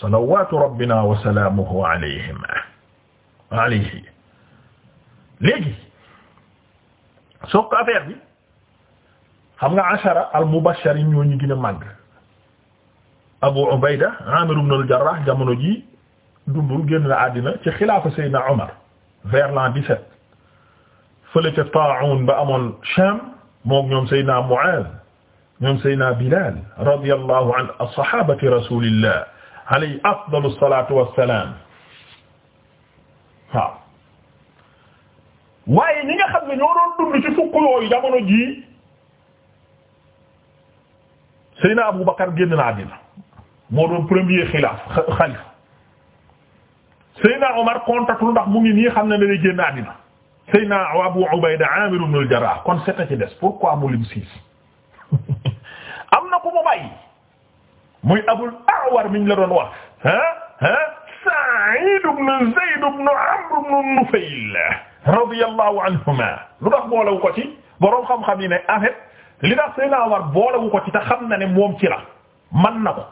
salawaatu rabbina wa salaamuhu alayhim alayhi léegi soog ko affaire bi xam nga ashara al mubashirin ñoo ñu gën a màgg Abu Ubayda Amir ibn al-Jarrah jamono ji dundul génn la àddina ci xilaafa Seydina Omar vers l'an 17 fële ca Taa'uun ba amoon Sham moom ñoom Seydina Mu'aaz ñoom Seydina Bilaal radiyallahu an as-sahaabati rasuulillah alayhi afdalu salaatu wassalaam waaw waaye ñi nga xam ne ñoo jii Seydina Abu Bakar génn na àddina moo doon premier xilaaf xalifa Seydina Omar kontatul ndax mu xam ne day génn Abu Ubayda Aamir ibn al-Jarrah kon setta ci des am na ku muy Abul A'war miñ la doon wax ah ah Sa'id ibn Zayd ibn Amr ibn Nufayl radiyallahu anhuma lu tax boolewu ko ci boroom xam-xam yi ne en fait li tax Seydina Omar boolewu ko ci te xam na ne moom ci la man na ko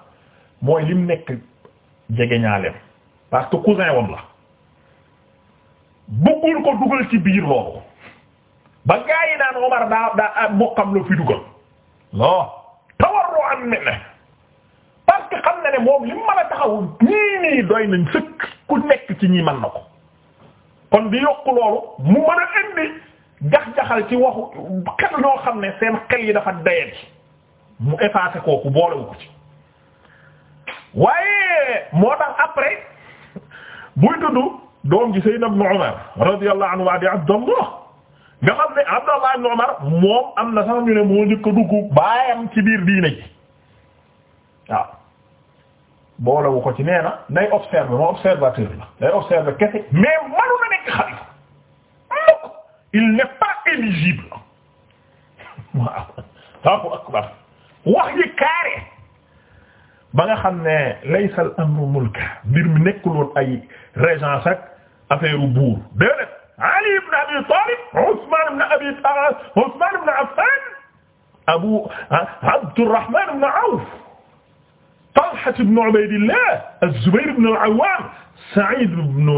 mooy lim nekk jegeñaaleem parce cousin wam la bëggul ko dugal ci biir loolu ba gaa yi naan Omar daa daa mbokkam la fi dugal non tawarru an minhu moom li mën a taxaw nii nii doy nañ sëkk ku nekk ci ñi man na ko kon di yokk loolu mu mën a indi jax-jaxal ci waxu xel ñoo xam ne seen xel yi dafa dayet mu effacé kooku boolewu ko ci waaye moo tax après buy tudd doom ji Sayyid Ibn Umar radiyallahu anhu wa di Abdallah nga xam ne Abdallah ibn Umar moom am na sax ñu ne moo njëkk dugg baayam ci biir diine ji waaw boolewu ko ci nee na nay observer moom observateur la day observer kese mais manu na nekk xalifa mukk il n'est pas éligible waaw Allahu akbar wax yi carré ba nga xam ne laysa al amru mulka mbir mi nekkul woon ay régence ak affaire u buur déedéet Ali ibn Abi Talib Ousmane ibn Abi Talib Ousmane ibn Affan Abu ah, Abdurrahman ibn Awf Talha ibn Ubaydillah az-Zubayr ibn al-Awwam Sa'id ibn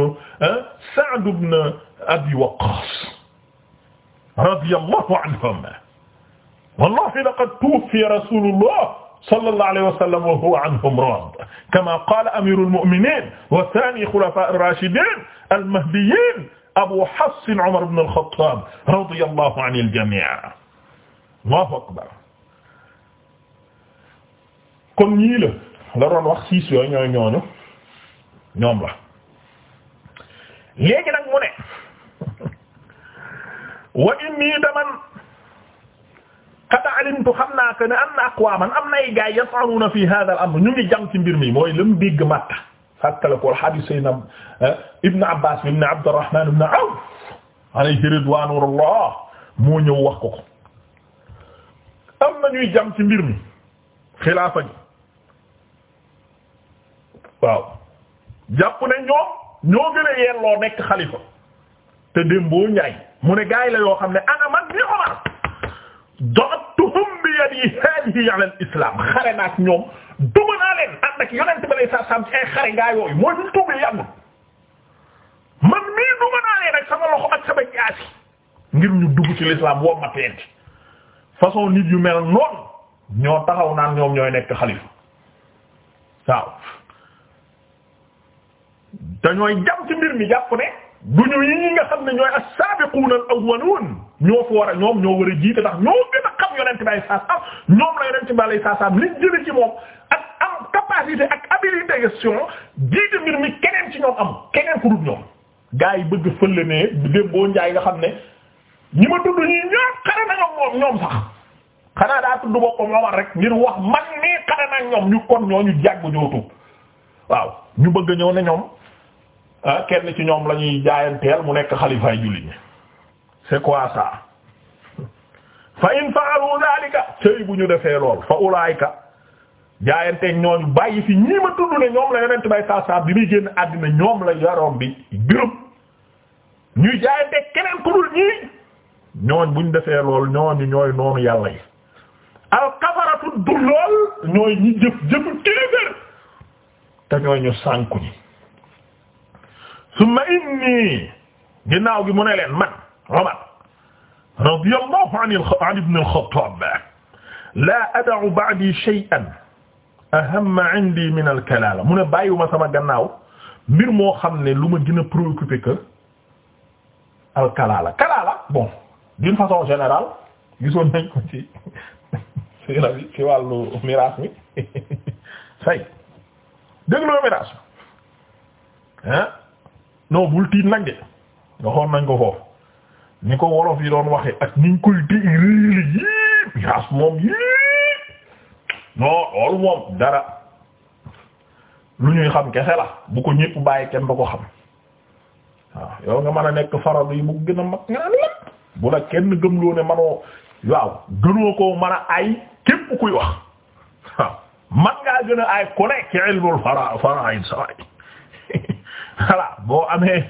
eh, Sa'd ibn Abi Waqqas radiyallahu anhum wallahi laqad tuwuffiya rasulullah sallallahu alayhi wa sallam wa huwa anhum raad kama qaala amirul mu'minin wa thani khulafa'ir rashidin al-mahdiyyin Abu Hafs Umar ibn al-Khattab radiyallahu anil jami' Allahu akbar kon ñii la nga doon wax six yooyu ñooy ñooñu ñoom la léegi nag mu ne wa inni daman qad alimtu xam naa que ne am na aqwaman am nay gaa yi yas'aluna fi hadha al amr ñu ngi jam ci mbir mi mooy lam dégg Makka fàttale ko hadith sayyidina eh, ibn Abbas ibn Abd al-Rahman ibn Awf alayhi ridwanullah moo ñëw wax ko ko am na ñuy jam ci mbir mi xilaafa gi waaw jàpp ne ñoom ñoo gën a yelloo nekk xalifa te démboo njaay mu ne gaay la yoo xam ne ana man ni Umar da'atuhum bi yadi hadihi ala al-islam xare naak ñoom duma naa ak yonent ba naa leen ak sama loxo ak sama jaasi ngir ñu dugg ci l'islam woo ma teenti façon nit yu mel noonu ñoo taxaw naa ñoom ñooy nekk xalifa waaw dañooy jam ci mbir mi jàpp ne du ñu yi nga xam ne ñooy as-sabiquna al-awwalun ñoo fa war a ñoom ñoo war a jiite a xam ñoom la yonent bi alayhi salaam liñ jële ci moom ak am capacité ak habilité gestion jiite mbir mi keneen ci ñoom am keneen ku ñoom gaa yi bëgg fële ne dém njaay nga xam ne ñi ma tudd ñi ñoom xare na moom ñoom sax xanaa daa tudd boppam Omar rek ngir wax man nii xare na ñoom ñu kon ñoo ñu jàgg jootu waaw ñu bëgg ñëw Ah, kenn ci ñoom lañuy ñuy jaayanteel mu nekk xalifaay jullit ñi c'est quoi ça fa in fa'alu dhalika sëy bu ñu defee lool fa ulaayka jaayanteeg ñooñu bàyyi fi ñii ma tudd ne ñoom la yonent bay saa saa bi muy génn àddina ñoom la yaroon bi gërëm ñuy jaayanteeg keneen ku dul ñii ñooñ buñ defee lool ñooñu ñooy noonu yàlla yi alkafaratu du lool ñooy ñi jëf jëfu téeféer te ñooy ñu sànku ñi summa inni ginnaaw gi mu ne leen man Umar radiyallahu an ibn al-Khattab laa ada'u ba'di shay'an ahamma 'indi min al-kalala mu ne bàyyiwuma sama gannaaw mbir moo xam ne lu ma gën a préoccupé que al-kalala kalala bon d'une façon générale gisoon nañ ko ci sira bi ci wàllu miraas mi say dégg nga miraas ah non bul tiit nag de waxoon nañ ko foofu ni ko wolof yi doon waxe ak niñ koy dégg réeli yii yaas moom yii non moom dara lu ñuy xam kese la bu ko ñépp bàyyi kenn du ko xam waaw yow nga mën a nekk faradu yi bu gën a mag nga naan lépp bu la kenn gëmloo ne manoo waaw gënoo koo mën a ay képp kuy wax man ngaa gën a ay ku nekk ci ilmul fara faraid saway voilà boo amee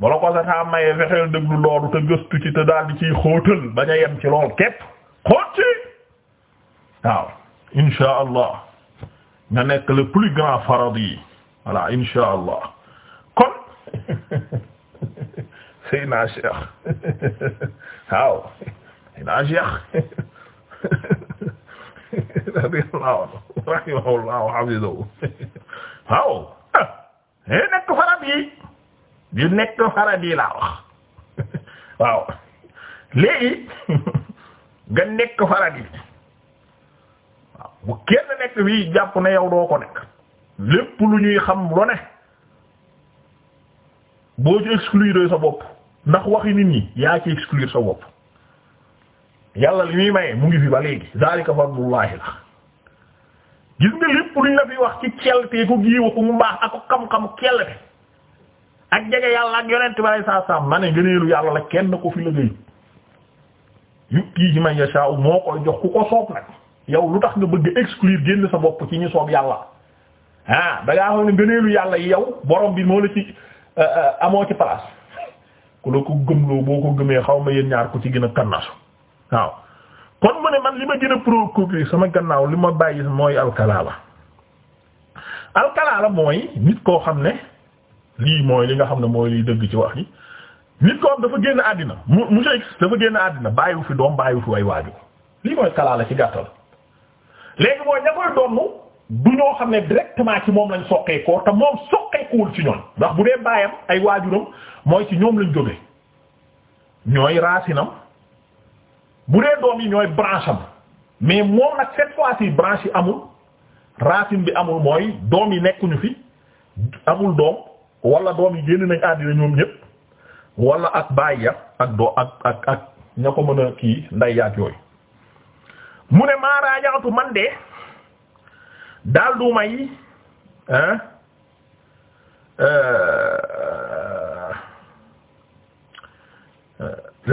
bala ko sa taa mayee fexeel déglu loolu te gëstu ci te daal di ciy xóotal bañ a yem ci lool képp xóot ci waaw insha allah nga nekk le plus grand faradi voilà insha allah kon sëy naa cheikh waaw sëy naa cheikh radiyallahu anhu rahimahullah wa hafizahu waaw day nekk farad yi di nekk farad yi laa wax waaw léegi nga nekk farad yi waaw bu kenn nekk fii jàpp ne yow doo ko nekk lépp lu ñuy xam lu boo ci exclure sa bopp ndax waxi nit ñi yaa ci exclure sa bopp yàlla li muy maye mu ngi fi ba léegi zalika fadlullahi la gis nga lépp luñ la fi wax ci keltee ku giiwa ku mu mbaax ak xam-xam kellte ak jege yàlla ak yonent bi alay saa saam ma ne ngëneelu yàlla la kenn ko fi la nga yut yutihi man yasha'u moo koy jox ku ko soob nag yow lu tax nga bëgg exclure génn sa bopp ci ñu soob yàlla ah da ngaa xam ne ngëneelu yàlla yi yow borom bi moo la ci euh, euh, amoo ci place ku la ko gëmloo boo ko gëmee xaw ma yéen ñaar ko ci gën a kannasu waaw kon mu ne man li ma gën a préoccupé sama gannaaw li ma bàyyi mooy alkalaala alkalaala mooy nit koo xam ne lii mooy li nga xam ne mooy liy dëgg ci wax yi nit koo xam dafa génn àddina mu monsieur X dafa génn àddina bàyyiwu fi doom bàyyiwu fi way waajur lii mooy kalaala ci gàttal léegi mooy ña donnu du ñoo xam ne directement ci moom lañ soqeekoo te moom soqeekuwul ci ñoom ndox bu dee baayam ay waajuram mooy ci ñoom lañ jóge ñooy raasinam bu dee doom yi ñooy branche am mais moom nag cette fois-ci branche yi amul racine bi amul mooy doom yi nekkuñu fi amul doom wala doom yi génn nañ àddina ñoom ñëpp wala ak baay ya ak doo ak ak ña ko mën a kii nday yaag yooyu mu ne maaraajaatu man de daal du may euh,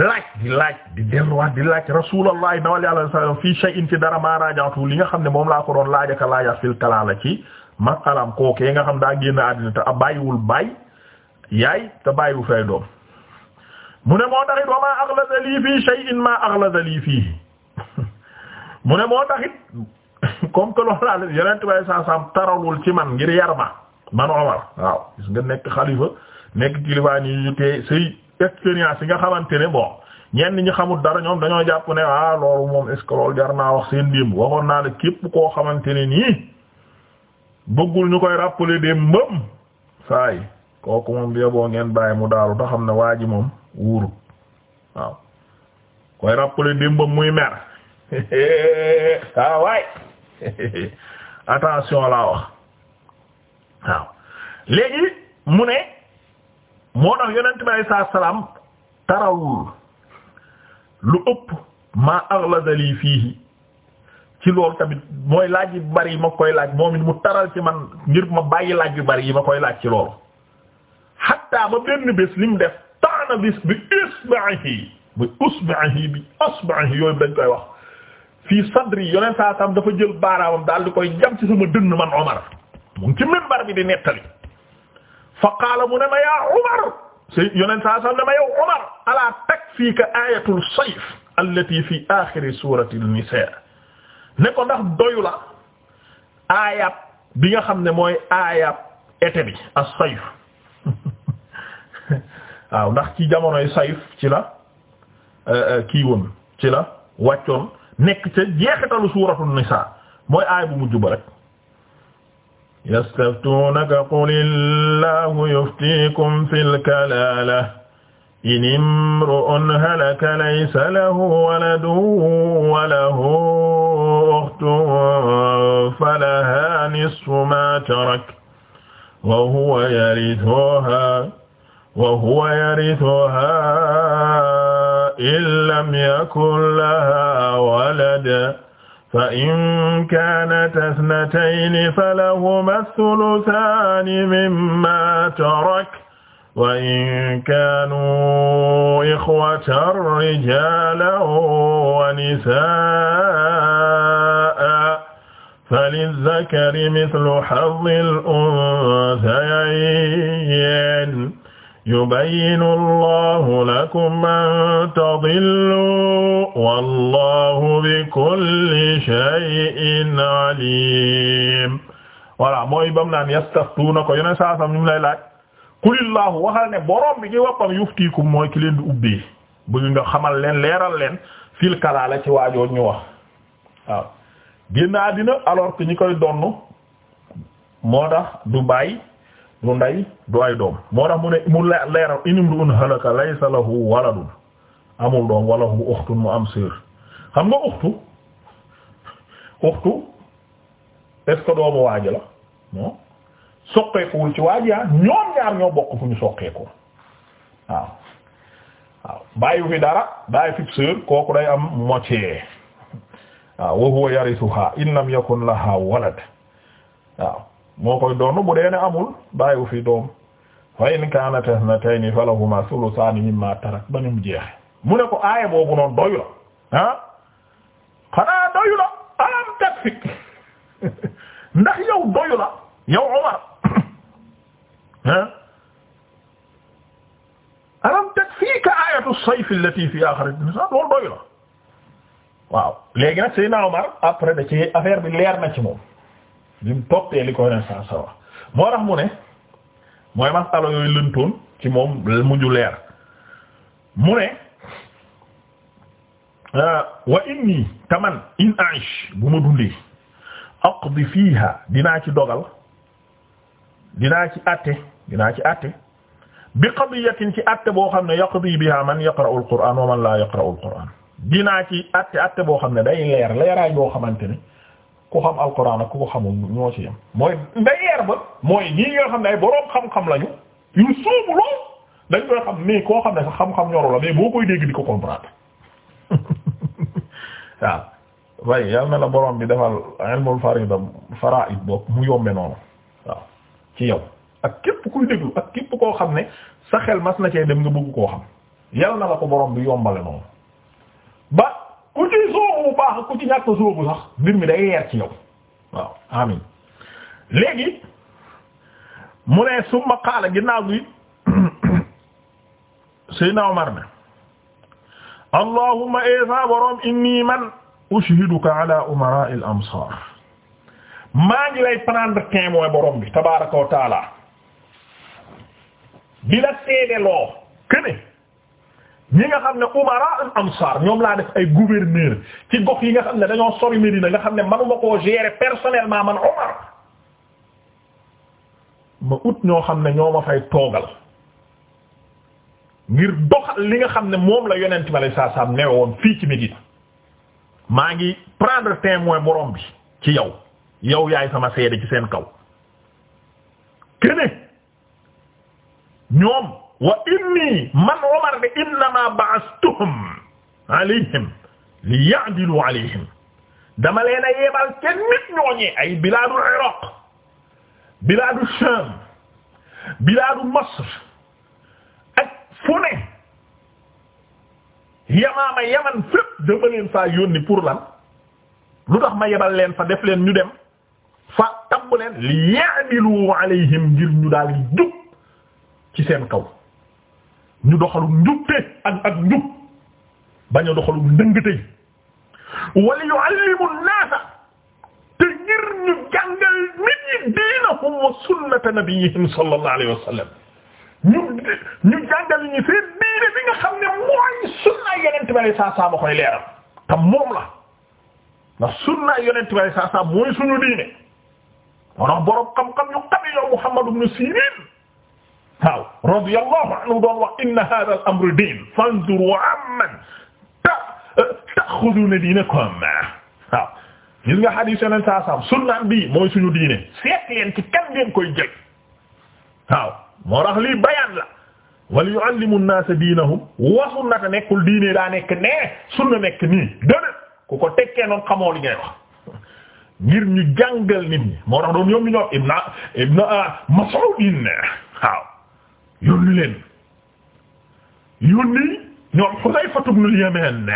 laaj di laaj di delluwaat di laaj rasulullah nawal yàlla sallam fii shay'in ci dara ma rajaatu li nga xam ne moom laa ko doon ka laajaat fil kalaala ci masalaam kookee nga xam daa génn àddina te bàyyiwul bàyyi yaay te bàyyiwul fay doom mu ne moo taxit wa maa axlada lii fii shay'in maa axlada lii fii mu ne moo taxit comme que loolu laa saa saam taralul ci man ngir yar ma man Omar waaw nga nekk xalifa nekk kilifa nii yu tee sëy expérience yi nga xamante ne bon ñenn ñi xamul dara ñoom dañoo jàpp ne ah loolu moom est que loolu jar naa wax seen démb waxoon naa ne képp koo xamante ne nii bëggul ñu koy rappeler démb mbëm saay kooku moom yoboo ngeen bàyyi mu daaru te xam ne waa ji moom wuuru waaw koy rappeler muy mer ah waay attention laa wax waaw léegi mu ne moo tax yonent bi salaam tarawul lu ëpp maa aghlazali fiihi ci loolu tamit mooy laaj yu bari yi ma koy laaj moom it mu taral ci man ngir ma bàyyi laaj yu bari yi ma koy laaj ci loolu xatta ba benn bés li def taana bi isba'ihi bi usba'ihi bi asba'ihi dañ koy wax fii sadri yonent saa dafa jël baaraamam daal di koy jam ci ma dënn man Omar mu ngi ci minbar bi di nettali fa qaala mu ne ma yaa Umar si yonent saa sax ne ma yow Umar alaa takfiika aayatul sayf allati fi aaxiri suurati nisaa ne ko ndax doyu la aayab bi nga xam ne mooy aayab été bi as-sayf waaw ndax ci jamonoy sayf ci la eh, eh, kii woon ci la wàccoon nekk ca jeexitalu suuratu nisaa mooy aaya bu mujj ba rek. yastaftuunaka qul illaahu yuftiikum fil kalaala in imru'un halaka laysa lahu waladun wa lahu ukhtun falahaa nisfu maa taraka wa huwa yarithuhaa wa huwa yarithuhaa in lam yakun lahaa walad فإن كانت اثنتين فلهما الثلثان مما ترك وإن كانوا إخوة رجالا ونساء فللذكر مثل حظ الأنثيين يبين الله لكم أن تضلوا wallahu bi kulli shay'in alim voilà mooy bam naan yastaftuuna ko yeneen saa sam ñu lay laaj kulillahu waxal ne borom bi ci woppam yuftiikum mooy ki leen di ubbee bëgg nga xamal leen leeral leen fii fil kalaala ci waajoon ñu wax waaw génn àddina alors que ñi koy donn moo tax du bàyyi du ndey du ay doom moo tax mu ne mu leeral in imru'un halaka laysa lahu waladun amul doom wala hu uxtun mu am sœur xam nga uxtu uxtu est-ce que doomu waaj la non soqeekuwul ci waaj yaa ñoom ñaar ñoo bokk fu ñu soqeeku waaw waaw bàyyi fi dara bàyyi fi sœur kooku day am moitié waaw wa huwa yarithuha in lam yakun laha walad waaw moo koy doon bu dee ne amul bàyyi fi doom fa in kaanat ithnatayni falahuma thuluthaani mimma tarak ba ñu jeex mu ne ko aaya boobu noonu doyu la ah xanaa doyu la alam takfi ndax yow doyu la Umar ah alam takfiika aayatu sayf allati ah, loolu doyu waaw léegi nag Seydina Omar après ci affaire bi leer na ci moom bi mu toppee li koy ne saa sa moo tax mu ne mooy masala yooyu lëntoon ci moom mujj leer mu ne Euh, wa inni taman in aish bu ma dundee aqdi fiiha dinaa ci dogal dinaa ci àtte dinaa ci àtte bi qadiyatin ci àtte boo xam ne yaqdi biha man yaqra'u al-qur'an wa man la yaqra'u al-qur'an dinaa ci àtte àtte boo xam ne day leer leeraay boo xamante ne ku xam al-qur'an ak ku ko xamul ñoo ci yem mooy day leer ba mooy ñii nga xam ne ay boroom xam-xam lañu yu sóobu lool dañ koy xam mais koo xam ne sax xam-xam ñoru la mais boo koy dégg di ko comprendre waaw waaye yal na la borom bi defal ilmul farida faraid bopp mu yombe noonu waaw ci yow ak képp kuy déglu ak képp koo xam ne sa xel mas na cee dem nga bëgg koo xam yal na ko borom bi yombale noonu ba ku ci soobu bu baax ku ci ñàkk soobu sax mbir mi day leer ci yow waaw amin léegi mu ne summa qaala ginnaaw gi Seydina Omar ne allahumma esa eh, borom inni man ushhiduka ala umara'i al maa ngi lay prendre témoin borom bi tabaraka wa taala bi la seedeloo kene ñi nga xam ne umara al amsar ñoom laa def ay gouverneur ci gox yi nga xam ne dañoo sori Medina nga xam ne manuma koo gérer personnellement man Umar ma ut ñoo xam ne ñoo toogal ngir doxal li nga xam ne moom la yonent bi saa saa newe woon fii ci Médine maa ngi prendre témoin borom bi ci yow yow yaay sama seede ci seen kaw kene ñoom wa inni man Umar de innama ba'astuhum alayhim li ya'dilu alayhim dama leen a yeebal ca nit ñooñee ay bilaadu Iraq bilaadu Sham bilaadu Masr fu ne yamaama yaman fépp dama leen faa yónni pour lan lu tax ma yebal leen fa def leen ñu dem fa tabb leen li ya'dilu alayhim ngir ñu daal di jub ci seen kaw ñu doxalu njubte ak ak njub bañ a doxalu ndëngte wala yu'allimu an-naasa te ngir ñu jàngal nit ñi diinahum wa sunnata nabiyyihim sallallahu alayhi wa sallam ñu ñu jàngal ñu seen bi nga xam ne mooy sunna yonent bi saa saa ma koy leeral te moom la ndax sunna yonent bi saa saa mooy suñu diine wala borom xam-xam yu xame yow Muhammad ibn Sirin waaw radiyallahu anhu doon wax inna hadha al-amru din fanzuru amman ta'khuduna dinakum waaw gis nga hadith yonent saa saa sunna bi mooy suñu diine seet leen ci kan ngeen koy jël moo tax lii bayaan la wal yu'allimu an-naasa diinahum wa sunnata nekkul diine daa nekk nee sunna nekk nii déedéet ku ko tekkee noonu xamoo li ngay wax ngir ñu jàngal nit ñi moo tax doon yomb ñoom ibna ibna ah, Mas'ud waaw yónni leen yónni ñoom Hudayfa ibn al-Yaman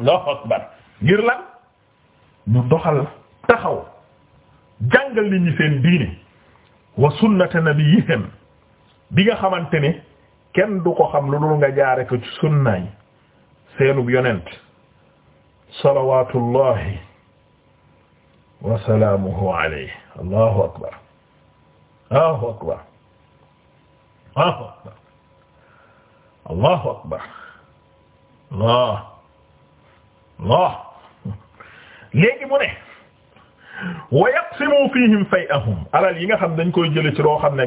waaw bari ngir lan ñu doxal taxaw jàngal nit ñi seen diine wa sunnata nabiyihim bi nga xamante ne kenn du ko xam lu dul nga jaare ko ci sunnaay seenub yonent salawatullahi wa salaamuhu alayhi allahu akbar allahu akbar allahu akbar allahu akbar allah allah léegi mu ne wa yaqsimu fihim fay'ahum alal yi nga xam dañ koy jële ci loo xam ne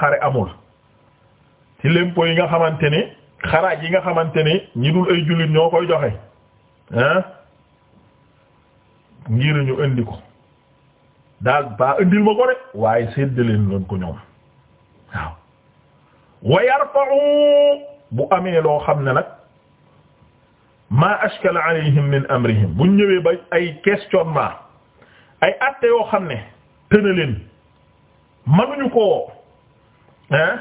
xare amul ci lempo yi nga xamante ni xaraaj yi nga xamante ni ñi dul ay jullit ñoo koy joxe ah ngir ñu indi ko daal ba indil ma ko rek waaye séddaleen loon ko ñoom waaw wa yarfa'u bu amee loo xam ne nag ma ashkala alayhim min amrihim buñ ñëwee ba ay questionnement ay atte yoo xam ne tëna leen manuñu koo hein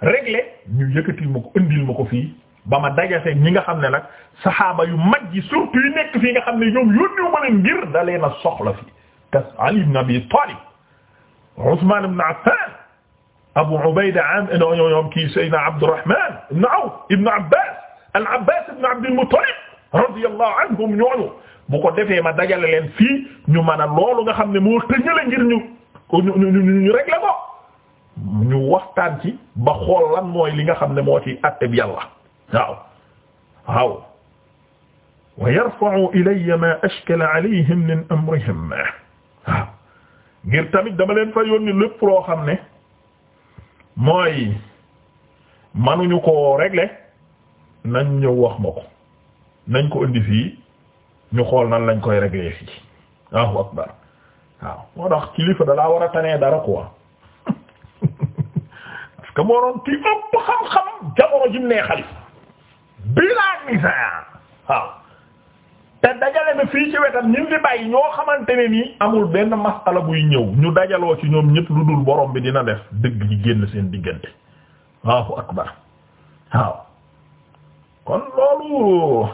régler ñu yëkkatil ma ko indil ma ko fii ba ma dajase ñi nga xam ne nag saxaaba yu mag yi surtout yu nekk fii nga xam ne ñoom yónniwu ma leen ngir da leen a soxla fii te Ali ibn Abi Talib Usman ibn Affan Abu Ubayda am no ñoom kii Seydina Abdurrahman ibn Awf ibn Abbas al-Abbas ibn Abd al-Muttalib radiyallahu anhum ñooñu bu ko defee ma dajale leen fii ñu mana a loolu nga xam ne moo tëñale ngir ñu ñu ñu ñu régler ko ñu waxtaan ci ba xool lan mooy li nga xam ne moo ci àtte bi yàlla waaw waaw wa yarfa'u ilayya ma ashkala alayhim min amrihim ngir tamit dama leen fa yónni lépp loo xam ne mooy manuñu ko régler nañ ñëw wax ma ko nañ ko indi fii ñu xool nan lañ koy régler fii Allahu akbar waaw moo tax kilifa dalaa war a tanee dara quoi parce que moo ki ëpp xam-xam jamono jim nee xalif bilaa nisaa waaw te dajale na fii ci wetam ñu ngi bàyyi ñoo xamante ne nii amul benn masala buy ñëw ñu dajaloo ci ñoom ñépp lu dul borom bi dina def dëgg ji génn seen diggante Allahu akbar waaw kon loolu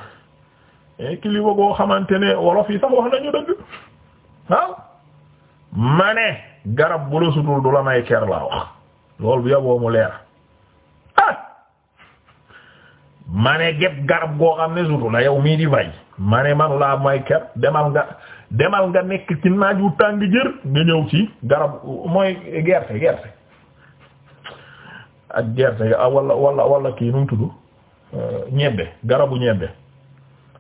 kilifa goo xamante ne wolof yi sax wax nañu dëgg waaw garab bu la sutul du la may ker laa wax loolu bu yaboo mu leer ah ma garab goo xam ne sutu la yow mii di fay ma ne manu laa may ker demal nga demal nga nekk ci naaj wu tàng jër nga ñëw ci garab mooy gerte gerte ak gerte ah, wala wala wala kii nu mu tudd euh, ñebbe garabu ñebbe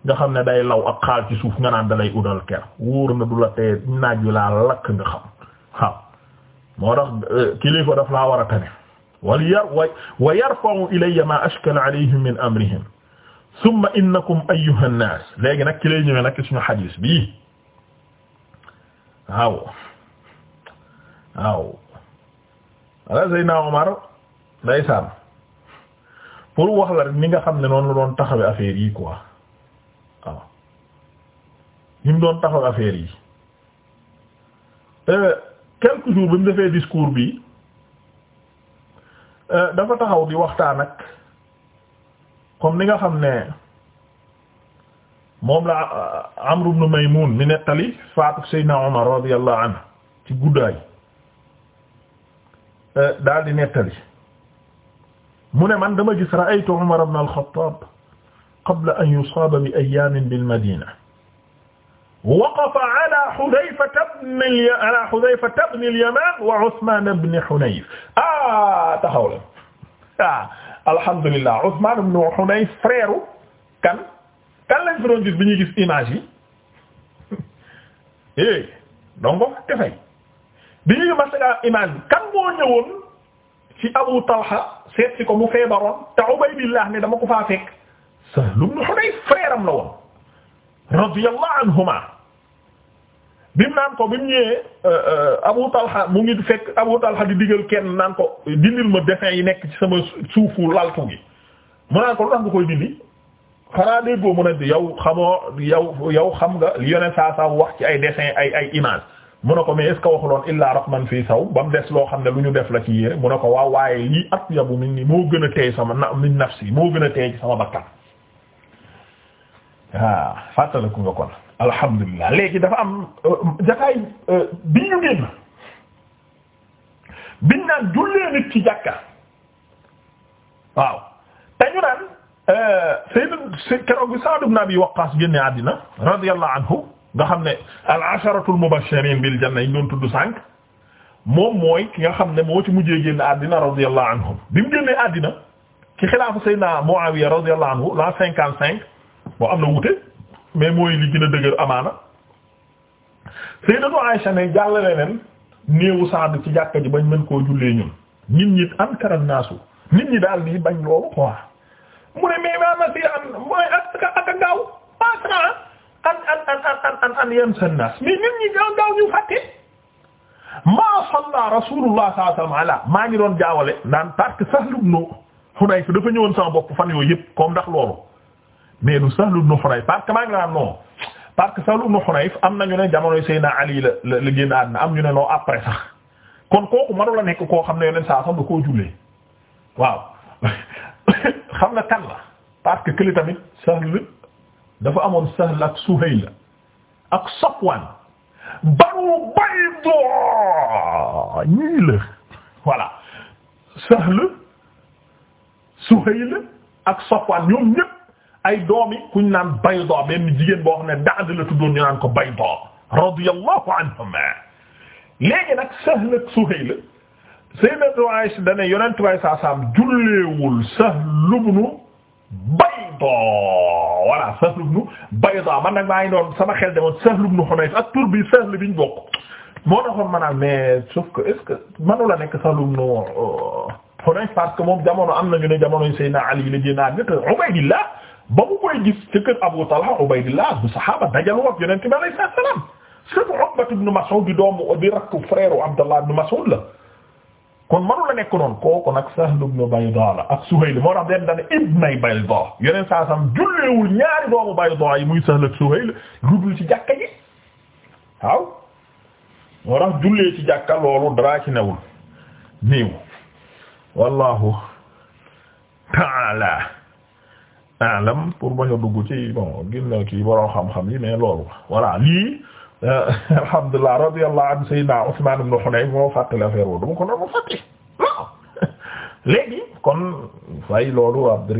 nga xam ne day law ak xaal ci suuf nga naan udal ker wóor na du la tee naaj wi laa lakk nga xam moo tax euh, kilifa daf laa war a tane wal yar wa wa yarfa'u ilayya ma min amrihim summa innakum ayyuha an-nas léegi nag ki lay ñëwee nag suñu xadiis bii wax la rek ni nga xam ne noonu la doon taxawe ko waaw ni doon taxaw affaire yi euh, quelques jours bi mu defee discours bi euh, dafa taxaw di waxtaan ak comme ni nga xam ne moom la euh, Amr ibn Maymun mi nettali faatu Seydina Omar radiyallahu anhu ci guddaay daal di nettali mu ne man dama gis ra'aytu Umar ibn al qabla an yusaaba bi ayyaamin bil madiina waqafa ala Hudayfata bni ala Hudayfata bni al-Yamaan wa Usmaan bni Hunayf ah taxaw la ah alhamdulillah Usmaan bni Hunayf frère kan kan lañ fi doon gis bi ñuy gis image yi eh donc dafay bi ñuy masagaa image bi kan moo ñëwoon ci Abu Talha seet si ko mu feebaroon te Ubaydillah ne dama ko faa fekk. Sahl ibn Hunayf frère am la woon radiyallahu anhuma bim naan ko bim ñëwee euh, euh, Abu Talha mu ngi fekk Abu Talha di digal kenn naan ko dindil ma dessin yi nekk ci sama suufu laltu gi mu naan ko lu tax nga koy dindi xanaa déggoo mu ne yow xamoo yow yow xam nga li yone saa saa wax ci ay dessin ay ay image mu ne ko mais est ce que waxuloon illaa raqman fii saw ba mu des loo xam ne lu ñu def la ci yére mu ne ko waaw waaye lii at yabu min ni moo gën a teey sama na min nafsi moo gën a teey ci sama waaw fàttaliku nga kon alhamdulilah léegi dafa am euh, jataay euh, bi ñu génn biñ naan jullee nit ci jàkka waaw te ñu naan euh, sayyid keroog bi Sa'd ibn Abi Waqqas génne àddina radiyallahu anhu nga xam ne al asharatul mubashirin bil janna yi ñoon tudd sànq moom mooy ki nga xam ne moo ci mujjee génn àddina radiyallahu anhum bi mu génnee àddina ci xilaafu sayyidina Muawiya radiyallahu anhu l'an cinquante cinq boo am na wute mais mooy li gën a dëgër amaana Sayyidatu Aisha ne jàllale leen néewu Saad ci jàkka ji bañ mën koo jullee ñun nit ñi ankara naasu nit ñi daal di bañ loolu quoi mu ne mais maa na a gaaw sa naas maa salla rasulullah sallallahu alayhi maa ngi doon jaawale naan parce que Sahl ibn Hunayf dafa ñëwoon sama bopp fan yooyu yëpp comme ndax loolu mais du Sahl ibn Hunayf parce que maa ngi naan non parce que Sahl am na ñu ne jamonoy Seydina Ali la la am ñu ne non après sax kon kooku manu la nekk koo xam ne yeneen saa sax da koo xam na kan la parce que kële tamit Sahl dafa amoon Sahl ak Suhayl ak Safwan Banu Bayda ñii la voilà Sahl Suhayl ak Safwan ñoom ay doomi kuñ naan Bayda benn jigéen boo xam ne Da'd la tuddoon ñu naan ko Bayda radiyallahu anhuma léegi nag Sahl ak Suhayl sayyidatu Aisha dane yonent way saa saam julleewul Sahl ibn Bayda walla Sahl ibn Bayda man nag maa ngi doon sama xel demoon Sahl ibn Hunayf ak tur bi Sahl biñ bokk moo taxoon maanaam mais sauf que est-ce que mënu la nekk Sahl ibn euh, Hunayf parce que moom jamono am nañu ne jamono Sayyidina Ali la génnaat te Ubaydillah ba mu koy gis ci kër Abu Talha Ubaydillah bu saxaaba dajaloo ak Yonent bi alayhi salaam surtout Uqba ibn Mas'ud di doomu di rakku frère Abdallah ibn Mas'ud la kon manu la nekk noonu kooku nag Sahl ibn Bayda la ak Suhayl moo tax den dane ibnay Bayda Yonent saa sam julleewul ñaari doomu Bayda yi muy Sahl ak Suhayl rudul ci jàkka ji waaw moo tax jullee ci jàkka loolu daraa ci newul niiw wallahu ta'ala alam pour bañ a dugg ci bon ginna kii borom xam-xam yi mais loolu voilà lii euh, alhamdulilah radiyallahu an sayyidina Usman ibn Hunayf moo fàttali affaire boobu dama ko doon fàtte léegi kon fay loolu ab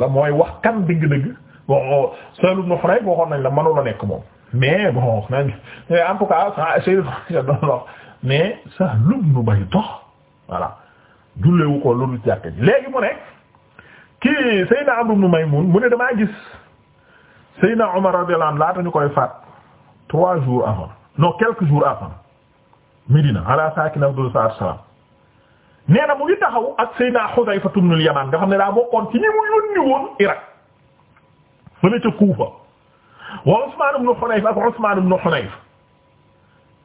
la mooy wax kan dëgg-dëgg bon Sahl ibn Hunayf waxoon nañ la mënula nekk moom mais bon nañ en tout cas Sayyidina jullewu ko loolu jàkk ji léegi mu ne kii Seydina Amr ibn Maymun mu ne damaa gis Seydina Omar radiyallahu anhu laata ñu koy faat trois jours avant non quelques jours avant Médina ala saakina abdul salaam nee na mu ngi taxaw ak Seydina Hudayfa ibn al-Yaman nga xam ne daa bokkoon ci ñi mu yónni woon Irak fële ca Kuufa wa Usmaan ibn Hunayf ak Usmaan ibn Hunayf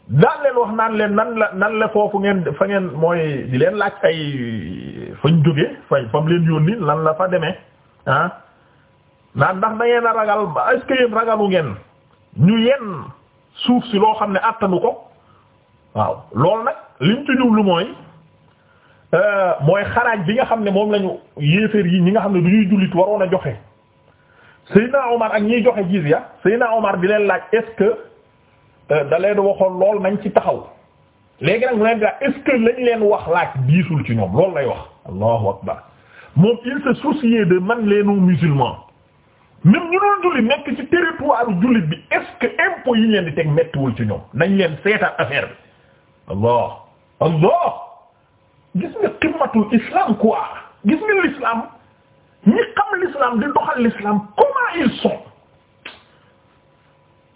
daan leen wax naan leen nan la nan la foofu ngeen fa ngeen mooy di leen laaj ay fañ jóge fañ fam leen ni lan la fa demee ah naan ndax da ngeen a ragal ba est-ce ragalu ngeen ñu yenn suuf si loo xam ne àttanu ko waaw loolu nag liñ ci lu mooy euh, mooy xaraaj bi nga xam ne moom lañu yéeféer yi ñi nga xam ne du ñuy jullit waroon a joxe Seydina Omar ak ñiy joxe jizya Seydina Omar di leen laaj est-ce que euh, da waxoon lool nañ ci taxaw léegi nag mu leen di laaj est lañ leen wax laaj diisul ci ñoom loolu lay wax allahu akbar moom il se souciait de man les non musulmans ñu doon julli nekk ci territoire jullit bi est-ce que impôt yi ñu leen di teg mettiwul ci ñoom nañ leen seetaan affaire bi allah allah gis nga qimmatul islam quoi gis nga l'islam ñi xam l'islam di doxal l'islam comment ils sont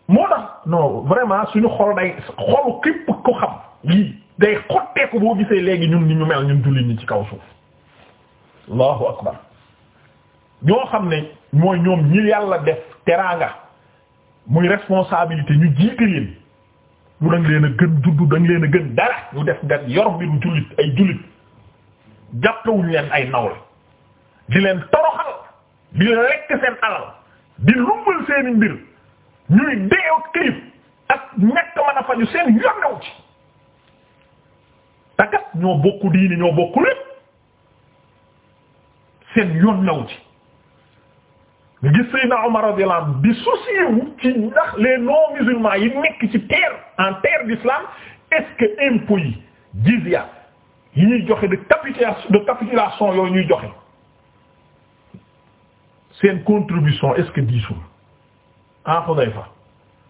moo tax non vraiment suñu xol day xolu képp ko xam lii day xotteeku boo gisee léegi ñun ni ñu mel ñun julli ñi ci kaw suuf allahu akbar ñoo xam ne mooy ñoom ñi yàlla def teraanga muy responsabilité ñu jiite leen lu danga leen a gën juddu danga leen gën dara ñu def nga yor mbiru jullit ay jullit jàppewuñ leen ay nawle di leen toroxal di lekk seen alal di lumbal seeni mbir ñuy deew kilif ak ñekk mën a faju seen yonnew ci takat ñoo bokku diini ñoo bokku seen yoon naw ci nga gis Seydina Omar radiyallahu anhu di soucié wu ci ndax les non musulmans yi nekk ci terre en terre d'islam est-ce que impôts yi jizya yi ñuy joxe de capitulation de capitulation yooyu ñuy joxe seen contribution est-ce que diisul en ah, Hudayfa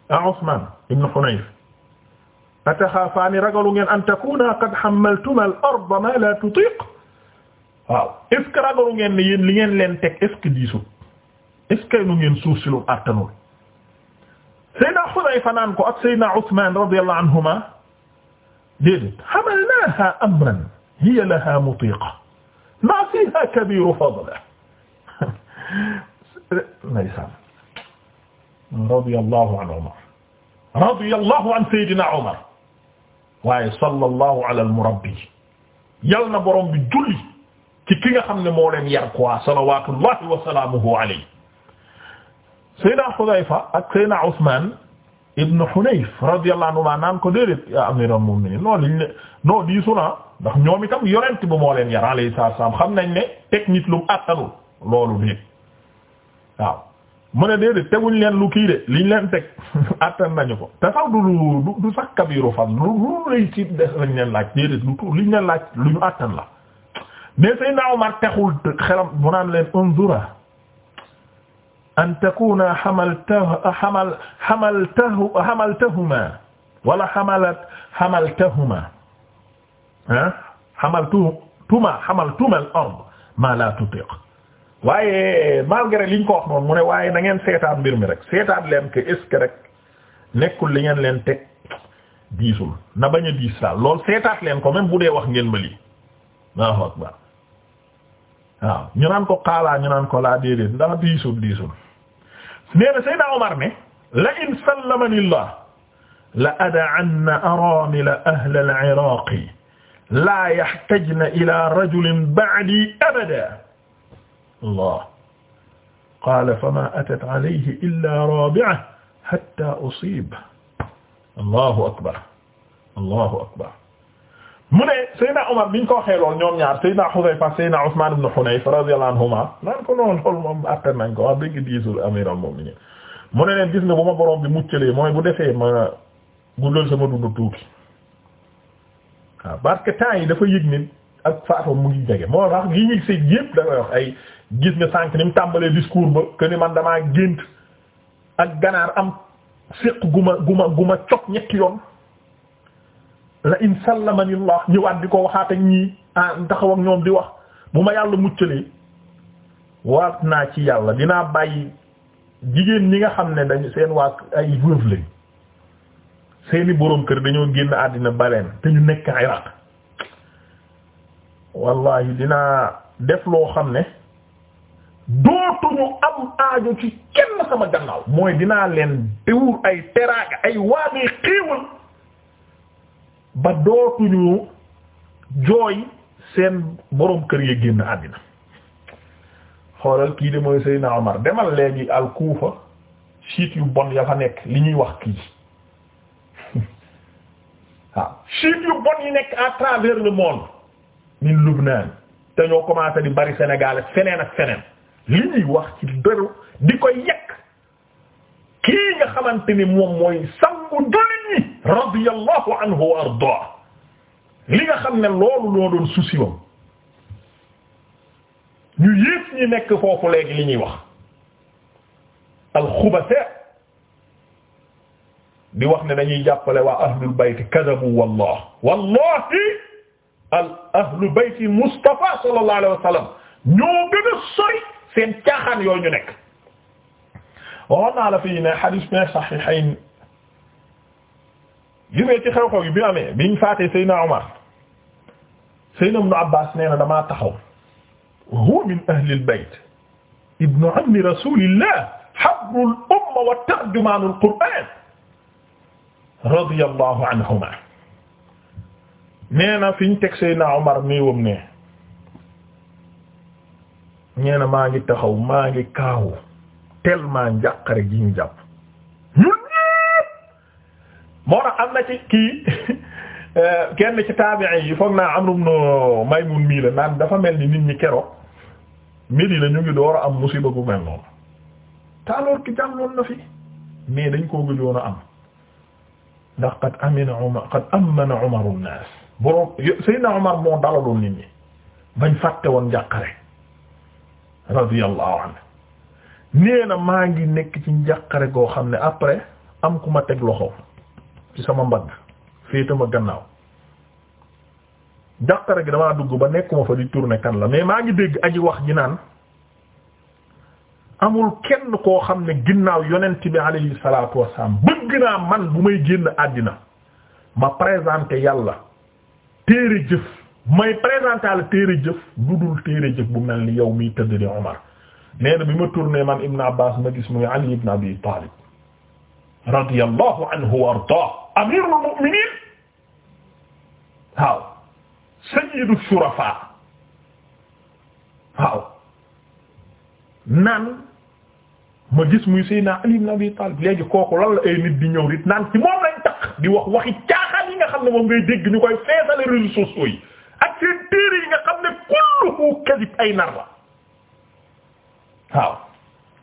en ah, Usman ibn Hunayf ataxaafaani ragalu ngeen an takuna qad hammaltuma al-arda ma la tutiq waaw est ce que ragalu ngeen ne yéen li ngeen leen teg est ce que diisut est ce que nu ngeen suuf si lu attanul Seydina Xudayfa naan ko ak Seydina Usmaan radiyallahu anhuma déedéet hamalnaaha amran hiya laha mutiqa ma fiha kabiru fadla ndeysaan radiyallahu an Umar radiyallahu an Seydina Umar waaye sallallahu ala al-murabbi yal na borom bi julli ci ki nga xam ne moo leen yar quoi salawatullahi wa salaamuhu alayhi Seydina Xudayfa ak Seydina Usmaan ibn Hunayf radiyallahu anhuma naan ko déedéet ya amiral mu'minin non liñ ne non dii suna ndax ñoom itam yorent bu moo leen yar alayhi salaam xam nañ ne teg nit lu mu àttanul loolu déet waaw mu ne déedéet teguñ leen lu kii de liñ leen teg àttan nañu ko te sax du du du sax kabiru fan lu lu lay ci des leen laaj déedéet lu tu liñ leen laaj lu ñu àttan la mais Seydina Omar texul xelam mu naan leen unzura an takuna hamaltahu hamal hamaltahu hamaltahuma wala hamalat hamaltahuma ah hamaltuma hamaltuma al-ard ma la tutiq waaye malgré liñ ko wax noonu mu ne waaye na ngeen seetaat mbir mi rek seetaat leen que est-ce que rek nekkul li ngeen leen teg diisul na bañ a diis daal lool seetaat leen ko même bu dee wax ngeen ma lii Allahu akbar waaw ñu naan ko xaalaa ñu naan ko laa déedéet ndax diisul diisul nee na Seydina Omar ne la in sallamani llah la ada'anna aramila ahla al-iraqi laa yahtajna ila rajulin ba'di abada allah qaala fama atat alayhi illa rabi'a hatta usib allahu akbar allahu akbar mu ne Seydina Omar biñ ko waxee lool ñoom ñaar Seydina Xudayfa Seydina Usmaan ibn Hunayf radiyallahu anhuma naan ko noonu loolu moom atte nañ ko wax dëgg diisul amiral mu'minin mu ne neen gis nga bu ma borom bi muccalee mooy bu defee ma guddal sama dundu tuuti waaw parce que temps yi dafa yëg ni ak faatoom mu ngi jege moo tax yi ñuy sëy yépp dafay wax ay gis nga sànq ni mu tàmbalee discours ba que ni man damaa gént ak ganaar am séq gu ma gu ma gu ma cog ñetti yoon la in sallamani Allah ñëwaat di ko waxaat ak ñii ah taxaw ñoom di wax bu ma yàlla muccalee waat naa ci yàlla dinaa bàyyi jigéen ñi nga xam ne dañu seen waa ay veuve lañ seeni boroom kër dañoo génn àddina baleen te ñu nekk Iraq wallahi dinaa def loo xam ne dootuñu am aajo ci kenn sama gannaaw mooy dinaa leen dewur ay teraanga ay waamee xéewal ba dootuñu jooy seen boroom kër ya génn àddina xoolal kii de mooy Seydina Omar demal léegi al siit yu bon ya fa nekk li ñuy wax kii waaw ah, siit yu bon yi nekk à travers le monde min Lubnaan te ñoo commencé di bari Sénégal feneen ak feneen li ñuy wax ci dëru di ko yekk kii nga xamante ni moom mooy sangu dul radiyallahu anhu wa ardaa li nga xam ne loolu loo doon souci moom ñu yépp ñi nekk foofu léegi li ñuy wax alxubata di wax ne dañuy jàppale waa ahlul bayt kadabu wallah wallahi al ahlu bayti Mustafa sallallahu alayhi wa sallam ñoo gën a sori seen caaxaan yooyu ñu nekk waxoon naa la fii ne hadith fi sahihayn gisee ci xew-xew yi bi amee biñ faatee Seydina Omar Seydina Ibnu Abbaas nee na damaa taxaw huwa min ahlil bayt ibnu ammi rasulillah habrul umma wa tarjumaanul qur'aan radiyallahu anhuma nee na fiñ teg Seydina Omar néewam ne nee na maa ngi taxaw maa ngi kaawu tellement njàqare gi ñu jàpp moo tax am na ci kii kenn ci taabi'i yi foog naa Amr ibn Maymun mii la naan dafa mel ni nit ñi keroog Medina ñu ngi door am musiba bu mel noonu te alors que jàlloon na fi mais dañ koo gëjoon a am ndax qad amina Umar qad amana Umaru an-naas nit ñi bañ fàtte woon njàqare radiyallahu anhu nee na maa ngi nekk ci jàqare goo xam ne après am ku ma teg loxo ci sama mbagg féetama gannaaw jàqare gi damaa dugg ba nekkuma fa di tourner kan la mais maa ngi dégg aji wax ji naan amul kenn koo xam ne ginnaaw yonent bi alayhi salaatu wassalaam bëgg naa man bu may génn àddina ma présenter yàlla téere jëf may présenter téere jëf du dul téere jëf bu mel ni yow mi tëdd di Omar nee bi ma tourné man Ibn Abbas ma gis muy Ali ibn Abi Talib radiyallahu anhu wa ardaah amiirul mu'miniin waaw sayyidu shurafaa waaw naan ma gis muy Seydina Ali ibn Abi Talib léegi kooku lan la ay nit di ñëw nit naan ci moom lañ tax di wax waxi caaxaan yi nga xam ne moom ngay dégg ñu koy feesale réseaux sociaux yi ak seen téere yi nga xam ne kulluhu kadib ay nar la waaw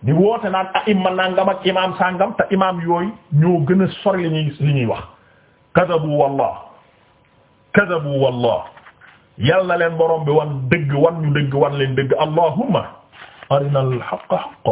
di woote naan ah imma nangam ak imaam sàngam te imaam yooyu ñoo gën a sori li ñuy li ñuy wax kadabu wallah kadabu wallah yal na leen borom bi wan dëgg wan ñu dëgg wan leen dëgg allahumma arina al haqqa haqqa